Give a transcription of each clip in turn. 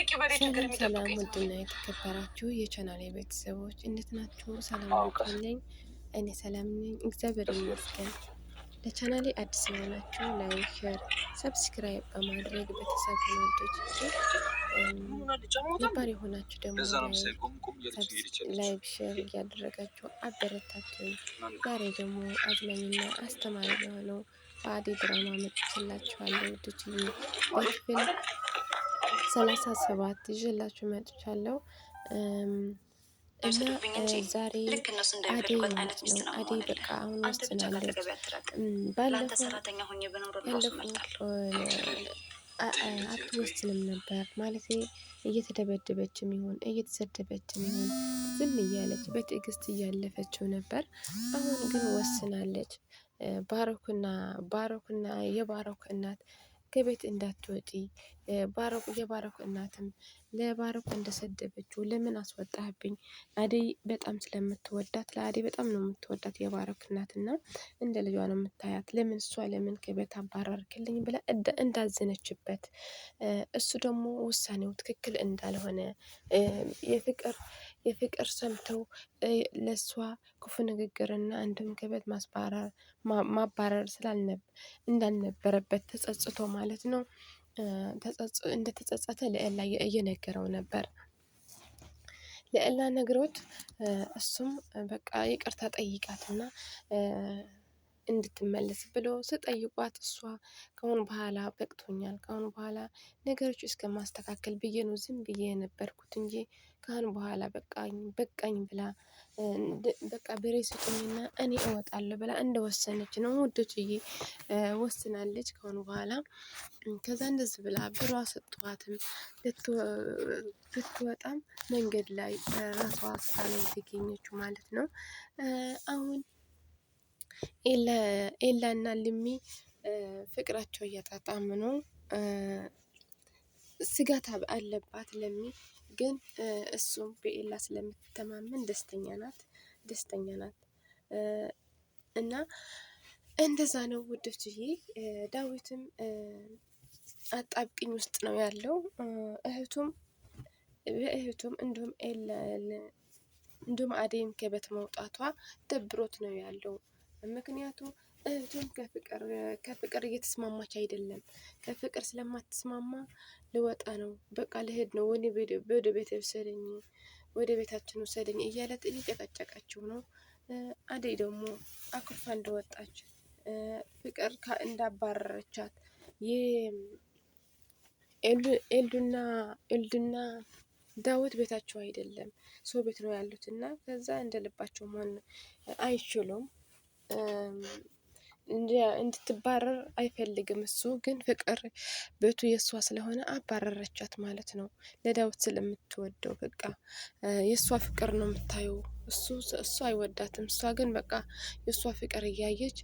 ከበቂ በላይ ችግር የሚጠብቀኝ። ውድና የተከበራችሁ የቻናሌ ቤተሰቦች እንዴት ናችሁ? ሰላም ናችሁልኝ? እኔ ሰላም ነኝ፣ እግዚአብሔር ይመስገን። ለቻናሌ አዲስ የሆናችሁ ላይክ፣ ሼር፣ ሰብስክራይብ በማድረግ ቤተሰብ ወዶች ነባር የሆናችሁ ደግሞ ላይክ፣ ሼር እያደረጋችሁ አበረታቱኝ። ዛሬ ደግሞ አዝናኝና አስተማሪ የሆነው በአደይ ድራማ መጥቼላችኋለሁ ውዶችዬ በክፍል ሰላሳ ሰባት ይዤላችሁ መጥቻለሁ። እና ዛሬ አደይ ማለት ነው። አደይ በቃ አሁን ውስጥ ናለች። ባለፈው አትወስንም ነበር ማለት እየተደበደበችም ይሁን እየተሰደበችም ይሁን ዝም እያለች በትዕግስት እያለፈችው ነበር። አሁን ግን ወስናለች። ባሮክና ባሮክና የባሮክ እናት ከቤት እንዳትወጪ ባረቁ የባረኩ እናትም ለባረኩ እንደሰደበችው ለምን አስወጣህብኝ አደይ በጣም ስለምትወዳት ለአደይ በጣም ነው የምትወዳት የባረኩ እናትና እንደ ልጇ ነው የምታያት። ለምን እሷ ለምን ከቤት አባረርክልኝ ብላ እንዳዘነችበት እሱ ደግሞ ውሳኔው ትክክል እንዳልሆነ የፍቅር የፍቅር ሰምተው ለእሷ ክፉ ንግግርና እንዲሁም ከቤት ማባረር እንዳልነበረበት ተጸጽቶ ማለት ነው እንደተጸጸተ ለኤላ እየነገረው ነበር። ለኤላ ነግሮት እሱም በቃ ይቅርታ ጠይቃትና እንድትመለስ ብሎ ስጠይቋት እሷ ከአሁን በኋላ በቅቶኛል፣ ከአሁን በኋላ ነገሮች እስከማስተካከል ብዬ ነው ዝም ብዬ የነበርኩት እንጂ ካሁን በኋላ በቃኝ በቃኝ ብላ በቃ ብሬ ስጡኝና እኔ እወጣለሁ ብላ እንደወሰነች ነው ውዶችዬ፣ ወስናለች። ከሆኑ በኋላ ከዛ እንደዚ ብላ ብሯ ሰጥቷትም ልትወጣም መንገድ ላይ ራሷ ስራ ነው የተገኘችው ማለት ነው። አሁን ኤላ ኤላና ልሚ ፍቅራቸው እያጣጣም ነው። ስጋት አለባት ለሚ ግን እሱም በኤላ ስለምትተማመን ደስተኛ ናት ደስተኛ ናት እና እንደዛ ነው ውዶችዬ። ዳዊትም አጣብቅኝ ውስጥ ነው ያለው። እህቱም በእህቱም እንዲሁም እንዲሁም አደይም ከቤት መውጣቷ ደብሮት ነው ያለው ምክንያቱ እህቱም ከፍቅር እየተስማማች አይደለም። ከፍቅር ስለማትስማማ ልወጣ ነው፣ በቃ ልሄድ ነው፣ ወደ ቤት ውሰደኝ፣ ወደ ቤታችን ውሰደኝ እያለት እየጨቀጨቀችው ነው። አደይ ደግሞ አኩርፋ እንደወጣች ፍቅር እንዳባረረቻት ኤልዱና ኤልዱና ዳዊት ቤታቸው አይደለም ሰው ቤት ነው ያሉት እና ከዛ እንደልባቸው መሆን አይችሉም። እንድትባረር አይፈልግም። እሱ ግን ፍቅር ቤቱ የእሷ ስለሆነ አባረረቻት ማለት ነው። ለዳዊት ስለምትወደው በቃ የእሷ ፍቅር ነው የምታየው። እሱ እሱ አይወዳትም። እሷ ግን በቃ የእሷ ፍቅር እያየች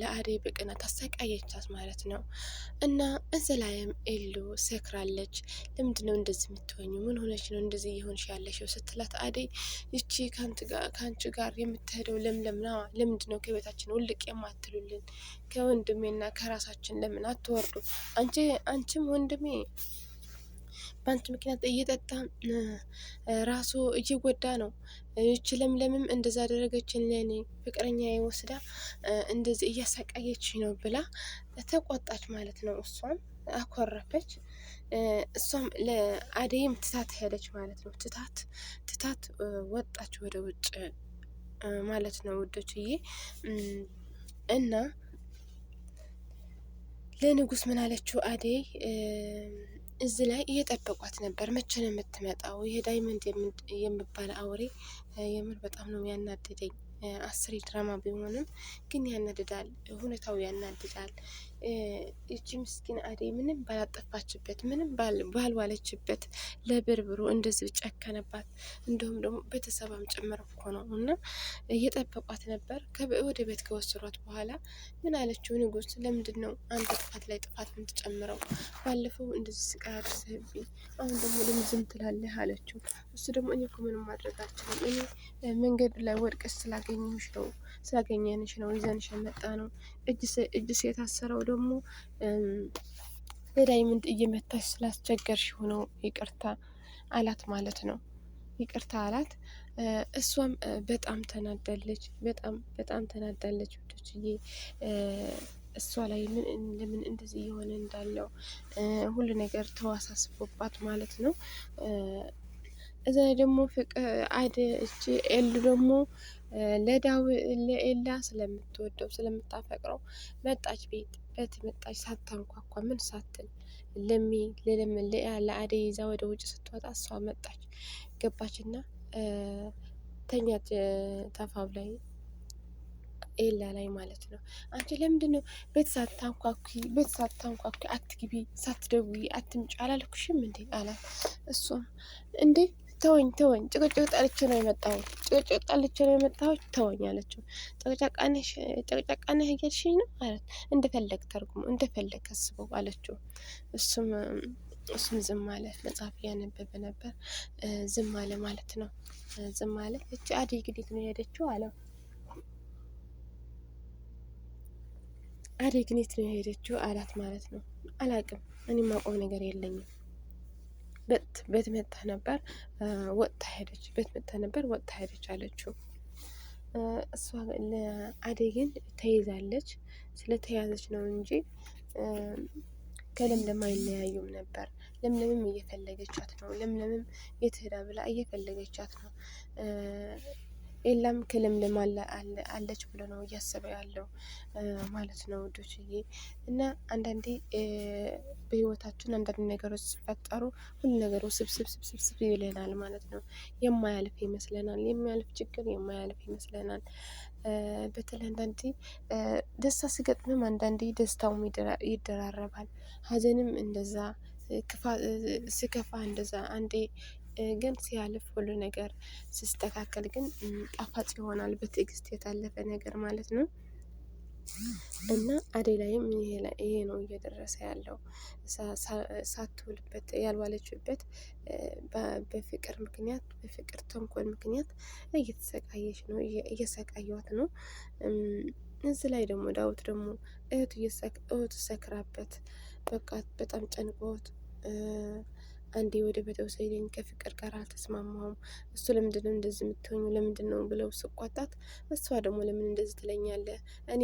ለአዴ ብቅነት አሰቃየቻት ማለት ነው። እና እዚ ላይም ኤሉ ሰክራለች። ለምንድን ነው እንደዚህ የምትሆኙ? ምን ሆነች ነው እንደዚህ እየሆንሽ ያለሽው? ስትላት አዴ ይቺ ከአንቺ ጋር የምትሄደው ለምለም ለምንድን ነው ከቤታችን ውልቅ የማትሉልን? ከወንድሜና ከራሳችን ለምን አትወርዱ? አንቺም ወንድሜ በአንቺ ምክንያት እየጠጣ ራሱ እየጎዳ ነው። ይች ለምለምም እንደዛ አደረገችን ለኔ ፍቅረኛ ወስዳ እንደዚህ እያሳቃየች ነው ብላ ተቆጣች ማለት ነው። እሷም አኮረፈች። እሷም ለአደይም ትታት ሄደች ማለት ነው። ትታት ትታት ወጣች ወደ ውጭ ማለት ነው ዬ እና ለንጉስ ምን አለችው አደይ እዚህ ላይ እየጠበቋት ነበር። መቼ ነው የምትመጣው? ይሄ ዳይመንድ የሚባል አውሬ የምር በጣም ነው ያናደደኝ። አስሬ ድራማ ቢሆንም ግን ያናድዳል፣ ሁኔታው ያናድዳል። ይቺ ምስኪን አደይ ምንም ባላጠፋችበት ምንም ባልዋለችበት ለብርብሩ እንደዚህ ጨከነባት። እንዲሁም ደግሞ ቤተሰባም ጭምር እኮ ነው እና እየጠበቋት ነበር። ወደ ቤት ከወሰዷት በኋላ ምን አለችው ንጉስ፣ ለምንድን ነው አንተ ጥፋት ላይ ጥፋት የምትጨምረው? ባለፈው እንደዚህ ስቃይ አድርሰህብኝ፣ አሁን ደግሞ ለምን ዝም ትላለህ? አለችው። እሱ ደግሞ እኔ እኮ ምንም ማድረግ አልችልም፣ እኔ መንገድ ላይ ወድቀሽ ስላገኘሽ ነው ስላገኘንሽ ነው ይዘንሽ የመጣ ነው እጅ እጅ የታሰረው ደግሞ ለዳይመንድ እየመታች ስላስቸገርሽ ሆነው ይቅርታ አላት ማለት ነው። ይቅርታ አላት። እሷም በጣም ተናዳለች። በጣም በጣም ተናዳለች ውዶችዬ። እሷ ላይ ምን ለምን እንደዚህ እየሆነ እንዳለው ሁሉ ነገር ተዋሳስቦባት ማለት ነው። እዛ ደግሞ ፍቅ አደ እቺ ኤል ደግሞ ለዳው ለኤላ ስለምትወደው ስለምታፈቅረው መጣች። ቤት በት መጣች ሳታንኳኳ ምን ሳትል ለሚ ለአደይ ይዛ ወደ ውጭ ስትወጣ እሷ መጣች። ገባችና ተኛ ተፋብ ላይ ኤላ ላይ ማለት ነው። አንቺ ለምንድን ነው ቤት ሳታንኳኩ ቤት ሳታንኳኩ አትግቢ፣ ሳትደውይ አትምጪ አላልኩሽም እንዴ አላት። እሷም እንዴ ተወኝ ተወኝ፣ ጭቅጭቅ ጠልቼ ነው የመጣሁት፣ ጭቅጭቅ ጠልቼ ነው የመጣሁት ተወኝ አለችው። ጨቅጫቃ ነህ እያልሽኝ ነው አላት። እንደፈለግ ተርጉም እንደፈለግ አስበው አለችው። እሱም እሱም ዝም አለ። መጽሐፍ እያነበበ ነበር። ዝም አለ ማለት ነው። ዝም አለ። እቺ አደይ ግዴት ነው የሄደችው አለው። አደይ ግዴት ነው የሄደችው አላት ማለት ነው። አላቅም እኔ ማቆም ነገር የለኝም ቤት መጥታ ነበር ወጥታ ሄደች። ቤት መጣ ነበር ወጥታ ሄደች ቤት መጣ ነበር ወጥታ ሄደች አለችው እሷ አደይ ግን ተይዛለች። ስለተያዘች ነው እንጂ ከለምለም አይለያዩም ነበር። ለምለምም እየፈለገቻት ነው። ለምለምም የት ብላ እየፈለገቻት ነው። ኤላም ክልምልም አለች ብሎ ነው እያሰበ ያለው ማለት ነው ውዶችዬ። እና አንዳንዴ በህይወታችን አንዳንድ ነገሮች ሲፈጠሩ ሁሉ ነገሩ ስብስብ ስብስብ ይለናል ማለት ነው። የማያልፍ ይመስለናል፣ የሚያልፍ ችግር የማያልፍ ይመስለናል። በተለይ አንዳንዴ ደስታ ሲገጥምም አንዳንዴ ደስታውም ይደራረባል፣ ሀዘንም እንደዛ ስከፋ እንደዛ አንዴ ግን ሲያልፍ ሁሉ ነገር ሲስተካከል ግን ጣፋጭ ይሆናል። በትዕግስት የታለፈ ነገር ማለት ነው። እና አደይ ላይም ይሄ ነው እየደረሰ ያለው ሳትውልበት ያልዋለችበት በፍቅር ምክንያት በፍቅር ተንኮል ምክንያት እየተሰቃየች ነው፣ እየሰቃየዋት ነው። እዚህ ላይ ደግሞ ዳዊት ደግሞ እህቱ ሰክራበት በቃ በጣም ጨንቆት አንዴ ወደ በደው ሰይደኝ ከፍቅር ጋር አልተስማማሁም። እሱ ለምንድን ነው እንደዚህ የምትሆኙ ለምንድን ነው ብለው ስቋጣት፣ እሷ ደግሞ ለምን እንደዚህ ትለኛለ? እኔ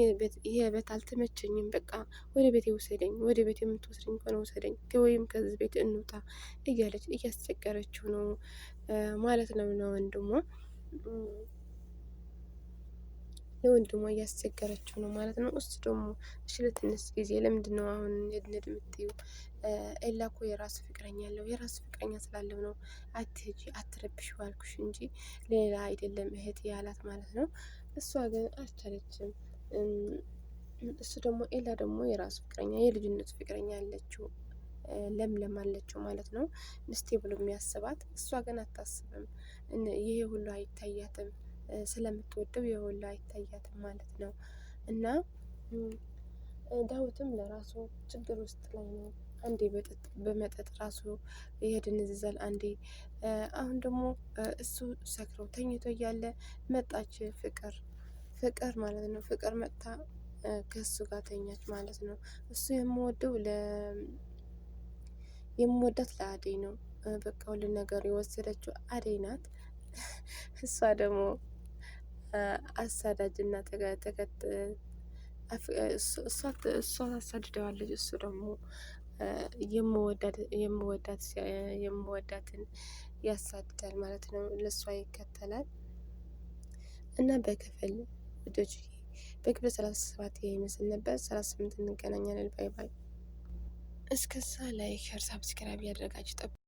ይሄ ቤት አልተመቸኝም። በቃ ወደ ቤቴ ውሰደኝ፣ ወደ ቤት የምትወስደኝ ከሆነ ውሰደኝ፣ ወይም ከዚህ ቤት እንውጣ እያለች እያስቸገረችው ነው ማለት ነው ነው ወንድሟ ለወንድሟ እያስቸገረችው ነው ማለት ነው። እሱ ደግሞ እሺ ለትንሽ ጊዜ ለምንድን ነው አሁን ንድንድ የምትይው? ኤላ እኮ የራሱ ፍቅረኛ ያለው የራሱ ፍቅረኛ ስላለው ነው አትሄጂ አትረብሽ ባልኩሽ እንጂ ሌላ አይደለም እህት ያላት ማለት ነው። እሷ ግን አልቻለችም። እሱ ደግሞ ኤላ ደግሞ የራሱ ፍቅረኛ የልጅነት ፍቅረኛ አለችው ለምለም አለችው ማለት ነው። ምስቴ ብሎ የሚያስባት እሷ ግን አታስብም። ይሄ ሁሉ አይታያትም። ስለምትወደው የሁላ አይታያትም ማለት ነው። እና ዳዊትም ለራሱ ችግር ውስጥ ላይ ነው። አንዴ በመጠጥ ራሱ ይሄድንዝዛል አንዴ አሁን ደግሞ እሱ ሰክረው ተኝቶ እያለ መጣች ፍቅር ፍቅር ማለት ነው። ፍቅር መጥታ ከሱ ጋር ተኛች ማለት ነው። እሱ የምወደው የምወዳት ለአደይ ነው። በቃ ሁሉ ነገር የወሰደችው አደይ ናት። እሷ ደግሞ አሳዳጅ እና እሷ ታሳድደዋለች። እሱ ደግሞ የምወዳትን ያሳድዳል ማለት ነው። ለእሷ ይከተላል እና በክፍል ልጆች በክፍል ሰላሳ ሰባት ይመስል ነበር። ሰላሳ ስምንት እንገናኛለን። ባይ ባይ። እስከዛ ላይክ፣ ሸር፣ ሳብስክራይብ ያደረጋችሁ